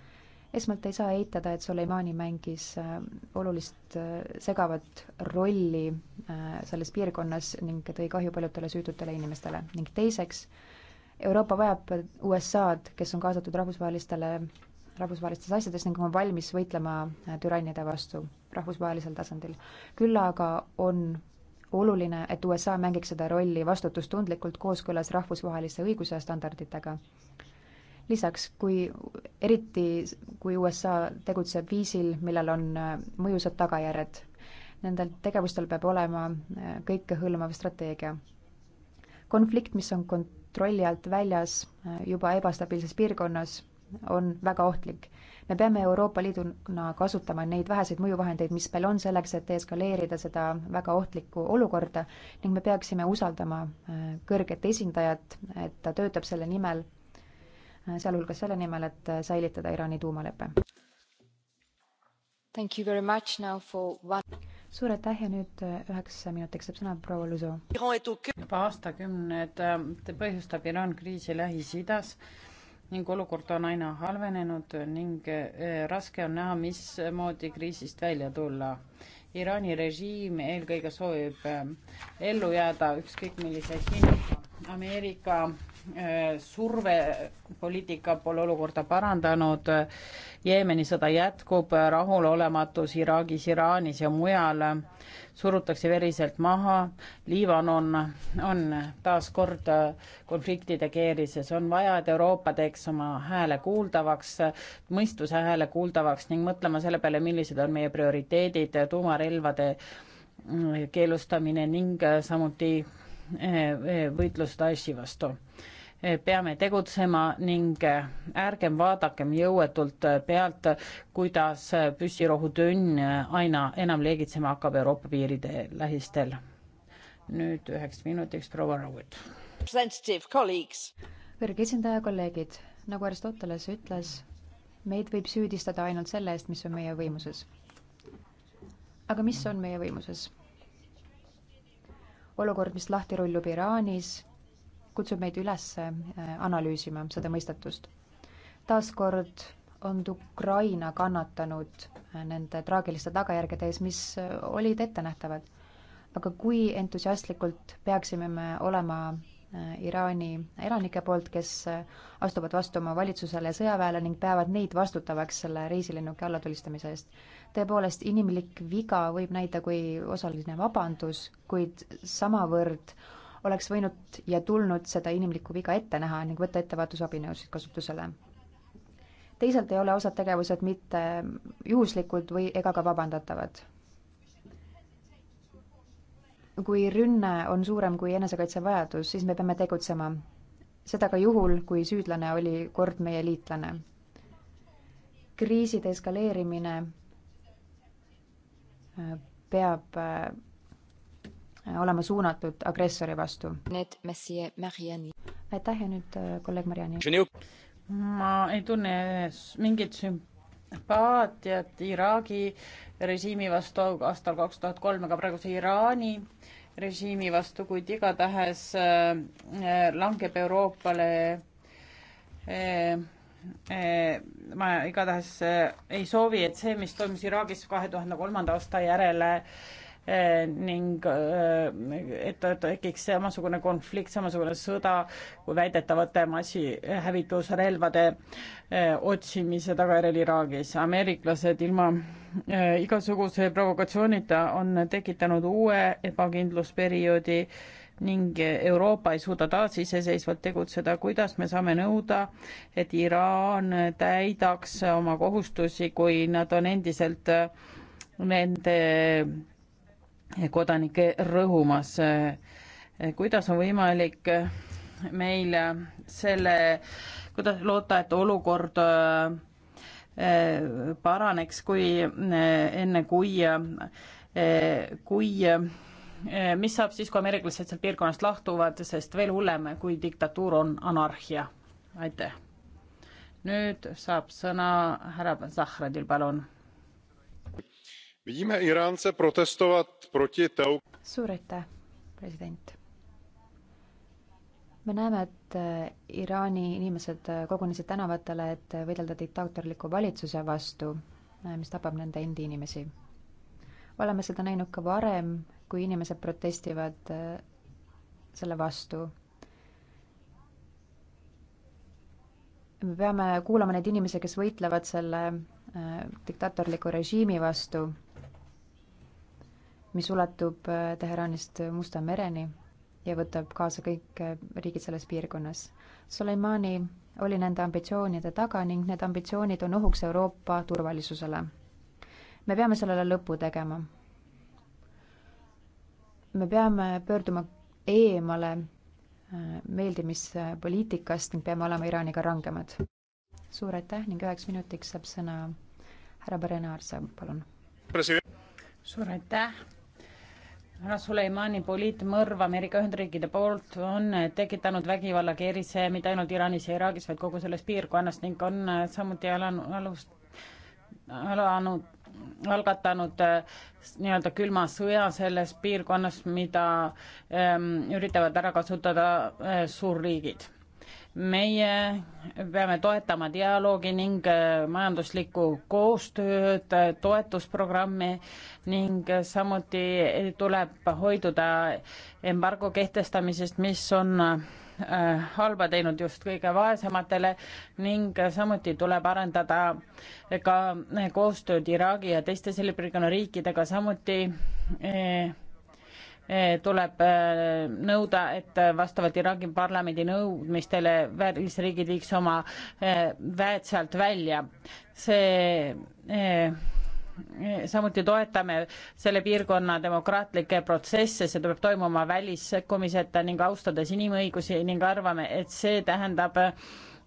esmalt ei saa eitada, et Soleimani mängis äh, olulist äh, segavat rolli äh, selles piirkonnas ning tõi kahju paljudele süütutele inimestele ning teiseks, Euroopa vajab USA-d, kes on kaasatud rahvusvahelistele rahvusvahelistes asjades ning on valmis võitlema äh, türannide vastu rahvusvahelisel tasandil. küll aga on oluline, et USA mängiks seda rolli vastutustundlikult kooskõlas rahvusvahelise õiguse standarditega. lisaks, kui, eriti kui USA tegutseb viisil, millel on äh, mõjusad tagajärjed, nendel tegevustel peab olema äh, kõikehõlmav strateegia. konflikt, mis on kontrolli alt väljas juba ebastabiilses piirkonnas, on väga ohtlik. me peame Euroopa Liiduna kasutama neid väheseid mõjuvahendeid, mis meil on selleks, et eskaleerida seda väga ohtlikku olukorda ning me peaksime usaldama äh, kõrget esindajat, et ta töötab selle nimel, äh, sealhulgas selle nimel, et äh, säilitada Iraani tuumalepe. One... suur aitäh ja nüüd üheks minutiks saab sõna proua Luzo. juba aastakümned põhjustab Iraan kriisi Lähis-Idas ning olukord on aina halvenenud ning eh, raske on näha, mismoodi kriisist välja tulla. Iraani režiim eelkõige soovib eh, ellu jääda ükskõik millise hinnaga. Ameerika Äh, survepoliitika pole olukorda parandanud. Jeemeni sõda jätkub, rahulolematus Iraagis, Iraanis ja mujal surutakse veriselt maha. Liibanon on, on taas kord konfliktide keerises, on vaja, et Euroopa teeks oma hääle kuuldavaks, mõistuse hääle kuuldavaks ning mõtlema selle peale, millised on meie prioriteedid tuumarelvade äh, keelustamine ning äh, samuti võitlus Daeshi vastu peame tegutsema ning ärgem vaadakem jõuetult pealt, kuidas püssirohutünn aina enam leegitsema hakkab Euroopa piiride lähistel. nüüd üheks minutiks proua Raud. kõrge esindaja, kolleegid, nagu Aristoteles ütles, meid võib süüdistada ainult selle eest, mis on meie võimuses. aga mis on meie võimuses? olukord, mis lahti rullub Iraanis kutsub meid üles äh, analüüsima seda mõistatust. taaskord on Ukraina kannatanud äh, nende traagiliste tagajärgede ees, mis äh, olid ettenähtavad. aga kui entusiastlikult peaksime me olema Iraani elanike poolt, kes astuvad vastu oma valitsusele ja sõjaväele ning peavad neid vastutavaks selle reisilennuki allatulistamise eest. tõepoolest, inimlik viga võib näida kui osaline vabandus, kuid samavõrd oleks võinud ja tulnud seda inimlikku viga ette näha ning võtta ettevaatusabinõusid kasutusele. teisalt ei ole osad tegevused mitte juhuslikud või ega ka vabandatavad. kui rünne on suurem kui enesekaitsevajadus, siis me peame tegutsema. seda ka juhul, kui süüdlane oli kord meie liitlane. kriiside eskaleerimine äh, peab äh, olema suunatud agressori vastu. aitäh ja nüüd äh, kolleeg Marianni. ma ei tunne mingit sümpaatiat Iraagi režiimi vastu aastal kaks tuhat kolm, aga praeguse Iraani režiimi vastu, kuid igatahes äh, äh, langeb Euroopale ma igatahes ei soovi, et see, mis toimus Iraagis kahe tuhande kolmanda aasta järele, Eh, ning eh, et tekiks samasugune konflikt, samasugune sõda kui väidetavate massihävitusrelvade eh, otsimise tagajärjel Iraagis. ameeriklased ilma igasuguse provokatsioonita on tekitanud uue ebakindlusperioodi ning Euroopa ei suuda taasiseseisvalt tegutseda, kuidas me saame nõuda, et Iraan täidaks oma kohustusi, kui nad on endiselt nende kodanike rõhumas. kuidas on võimalik meil selle, kuidas loota, et olukord eh, paraneks, kui eh, enne, kui, eh, kui mis saab siis, kui ameeriklased sealt piirkonnast lahtuvad, sest veel hullem, kui diktatuur on anarhia. aitäh. nüüd saab sõna härra Zahradil, palun viime Iraanse protestovat proti tau-. suur aitäh, president. me näeme, et eh, Iraani inimesed eh, kogunesid tänavatele, et eh, võidelda diktaatorliku valitsuse vastu, mis tapab nende endi inimesi. oleme seda näinud ka varem, kui inimesed protestivad selle vastu me peame kuulama neid inimesi, kes võitlevad selle äh, diktaatorliku režiimi vastu mis ulatub äh, Teheranist Musta mereni ja võtab kaasa kõik äh, riigid selles piirkonnas. Soleimani oli nende ambitsioonide taga ning need ambitsioonid on ohuks Euroopa turvalisusele. me peame sellele lõpu tegema. me peame pöörduma eemale äh, meeldimispoliitikast ning peame olema Iraaniga rangemad. suur aitäh ning üheks minutiks saab sõna härra Berenarse, palun. suur aitäh härra Suleimani poliitmõrv Ameerika Ühendriikide poolt on tekitanud vägivalla keerise mitte ainult Iraanis ja Iraagis, vaid kogu selles piirkonnas ning on samuti alanud, alust, alanud, algatanud äh, nii-öelda külma sõja selles piirkonnas, mida ähm, üritavad ära kasutada äh, suurriigid meie peame toetama dialoogi ning äh, majanduslikku koostööd, äh, toetusprogrammi ning äh, samuti tuleb hoiduda embargo kehtestamisest, mis on halba teinud just kõige vaesematele ning samuti tuleb arendada ka koostööd Iraagi ja teiste selle piirkonna riikidega, samuti Eh, tuleb eh, nõuda, et eh, vastavalt Iraagi parlamendi nõudmistele välisriigid viiks oma väed sealt välja. see samuti toetame selle piirkonna demokraatlikke protsesse, see peab toimuma välissekkumiseta ning austades inimõigusi ning arvame, et see tähendab,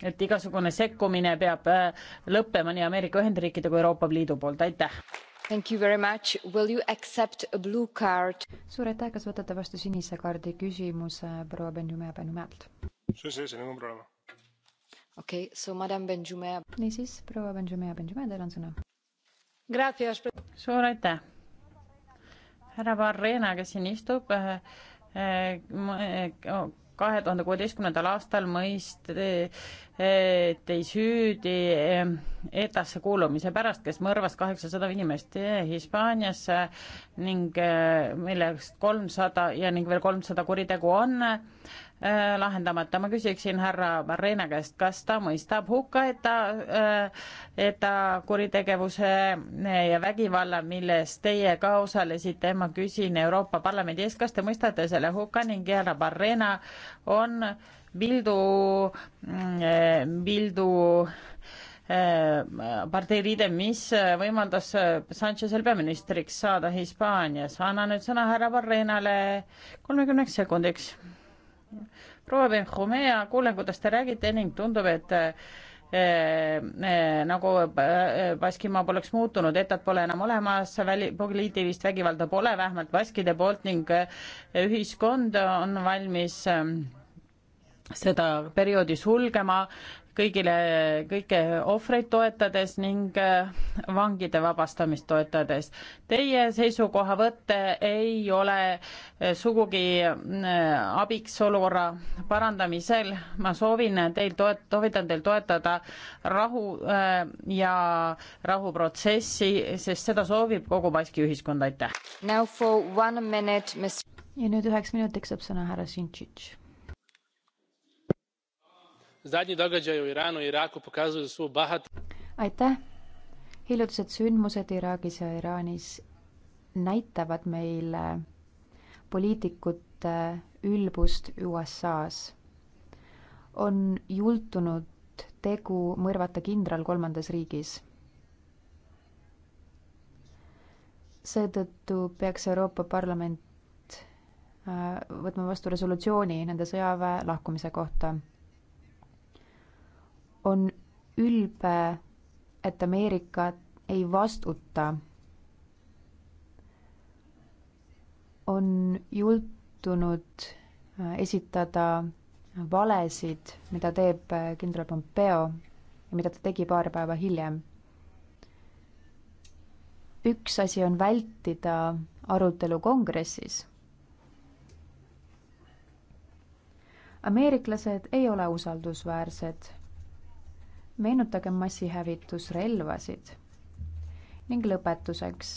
et igasugune sekkumine peab lõppema nii Ameerika Ühendriikide kui Euroopa Liidu poolt, aitäh! suur aitäh, kas võtate vastu sinise kaardi küsimuse proua Benjumea Benjumealt? okei okay,, so madam Benjumea. niisiis, proua Benjumea Benjumea, teil on sõna. suur aitäh. härra Barrena, kes siin istub äh,, äh, äh kahe tuhande kuueteistkümnendal aastal mõisteti süüdi eh, ETA-sse kuulumise pärast, kes mõrvas kaheksasada inimest eh, Hispaanias ning eh, millest kolmsada ja ning veel kolmsada kuritegu on Äh, lahendamata. ma küsiksin härra Barrena käest, kas ta mõistab hukka, et ta, äh, et ta kuritegevuse äh, ja vägivalla, milles teie ka osalesite, ma küsin Euroopa Parlamendi eest, kas te mõistate selle hukka ning härra Barrena on Vildu, Vildu mm, partei liide, mis võimaldas Sanchezel peaministriks saada Hispaanias. annan nüüd sõna härra Barrenale kolmekümneks sekundiks proua Benjumea, kuulen, kuidas te räägite ning tundub, et Eh, eh, nagu eh, Baskimaa eh, poleks muutunud, ETAt pole enam olemas, väli, poliitilist vägivalda pole, vähemalt baskide poolt ning eh, ühiskond on valmis eh, seda perioodi sulgema kõigile, kõiki ohvreid toetades ning äh, vangide vabastamist toetades. Teie seisukohavõte ei ole äh, sugugi äh, abiks olukorra parandamisel. ma soovin teil toet-, soovitan teil toetada rahu ja rahuprotsessi, sest seda soovib kogu Baski ühiskond, aitäh! ja nüüd üheks minutiks saab sõna härra Sintšitš aitäh! hiljutised sündmused Iraagis ja Iraanis näitavad meile poliitikute ülbust USA-s. on jultunud tegu mõrvata kindral kolmandas riigis. seetõttu peaks Euroopa Parlament äh, võtma vastu resolutsiooni nende sõjaväe lahkumise kohta on ülbe, et Ameerika ei vastuta. on jultunud äh, esitada valesid, mida teeb äh, kindral Pompeo ja mida ta tegi paar päeva hiljem. üks asi on vältida arutelu kongressis ameeriklased ei ole usaldusväärsed meenutagem massihävitusrelvasid. ning lõpetuseks